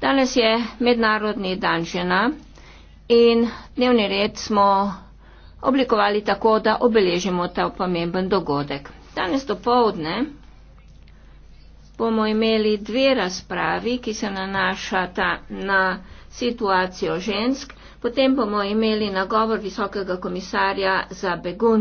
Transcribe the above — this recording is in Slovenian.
Danes je mednarodni dan žena in dnevni red smo oblikovali tako, da obeležimo ta pomemben dogodek. Danes do povdne bomo imeli dve razpravi, ki se nanašata na situacijo žensk, potem bomo imeli nagovor visokega komisarja za begun.